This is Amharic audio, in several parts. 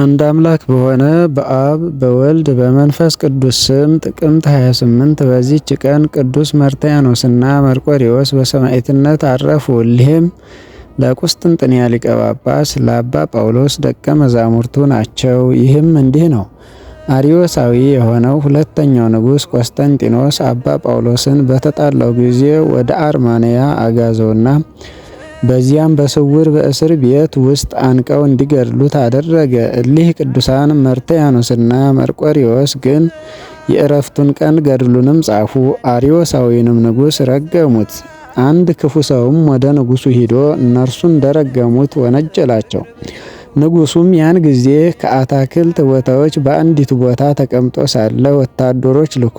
አንድ አምላክ በሆነ በአብ በወልድ በመንፈስ ቅዱስ ስም ጥቅምት 28 በዚች ቀን ቅዱስ መርትያኖስና መርቆሪዎስ በሰማዕትነት አረፉ። ይህም ለቁስጥንጥንያ ሊቀ ጳጳስ ለአባ ጳውሎስ ደቀ መዛሙርቱ ናቸው። ይህም እንዲህ ነው። አሪዮሳዊ የሆነው ሁለተኛው ንጉሥ ቆስጠንጢኖስ አባ ጳውሎስን በተጣላው ጊዜ ወደ አርማንያ አጋዘውና በዚያም በስውር በእስር ቤት ውስጥ አንቀው እንዲገድሉት አደረገ። እሊህ ቅዱሳን መርተያኖስና መርቆሪዎስ ግን የእረፍቱን ቀን ገድሉንም ጻፉ፣ አሪዮሳዊንም ንጉሥ ረገሙት። አንድ ክፉ ሰውም ወደ ንጉሡ ሂዶ እነርሱ እንደረገሙት ወነጀላቸው። ንጉሱም ያን ጊዜ ከአታክልት ቦታዎች በአንዲቱ ቦታ ተቀምጦ ሳለ ወታደሮች ልኮ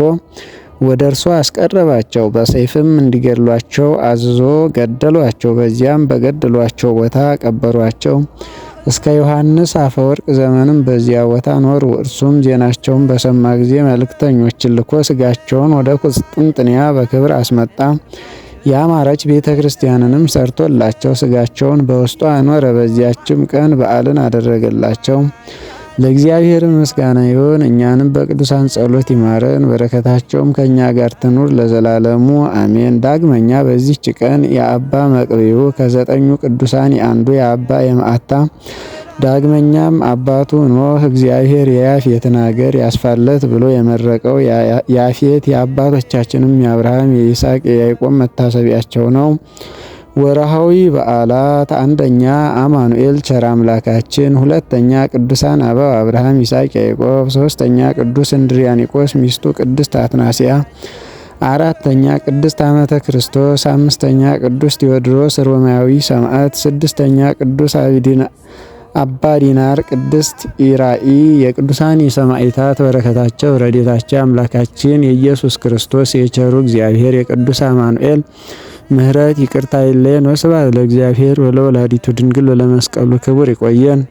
ወደ እርሱ አስቀረባቸው። በሰይፍም እንዲገድሏቸው አዝዞ ገደሏቸው። በዚያም በገደሏቸው ቦታ ቀበሯቸው። እስከ ዮሐንስ አፈወርቅ ዘመንም በዚያ ቦታ ኖሩ። እርሱም ዜናቸውን በሰማ ጊዜ መልእክተኞችን ልኮ ስጋቸውን ወደ ቁስጥንጥንያ በክብር አስመጣ። የአማረች ቤተ ክርስቲያንንም ሰርቶላቸው ስጋቸውን በውስጧ አኖረ። በዚያችም ቀን በዓልን አደረገላቸው። ለእግዚአብሔር ምስጋና ይሁን። እኛንም በቅዱሳን ጸሎት ይማረን፣ በረከታቸውም ከእኛ ጋር ትኑር ለዘላለሙ አሜን። ዳግመኛ በዚህች ቀን የአባ መቅብዩ ከዘጠኙ ቅዱሳን የአንዱ የአባ የማዕታ ዳግመኛም አባቱ ኖህ እግዚአብሔር የያፌትን ሀገር ያስፋለት ብሎ የመረቀው ያፌት የአባቶቻችንም የአብርሃም የይስሐቅ የያዕቆብ መታሰቢያቸው ነው። ወርሃዊ በዓላት አንደኛ አማኑኤል ቸር አምላካችን፣ ሁለተኛ ቅዱሳን አበው አብርሃም፣ ይስሐቅ፣ ያዕቆብ፣ ሶስተኛ ቅዱስ እንድሪያኒቆስ ሚስቱ ቅድስት አትናሲያ፣ አራተኛ ቅድስት ዓመተ ክርስቶስ፣ አምስተኛ ቅዱስ ቴዎድሮስ ሮማዊ ሰማዕት፣ ስድስተኛ ቅዱስ አባ ዲናር፣ ቅድስት ኢራኢ። የቅዱሳን የሰማዕታት በረከታቸው ረዴታቸው አምላካችን የኢየሱስ ክርስቶስ የቸሩ እግዚአብሔር የቅዱስ አማኑኤል ምህረት ይቅርታ አይለየን። ወስብሐት ለእግዚአብሔር ወለወላዲቱ ድንግል ወለመስቀሉ ክቡር። ይቆየን።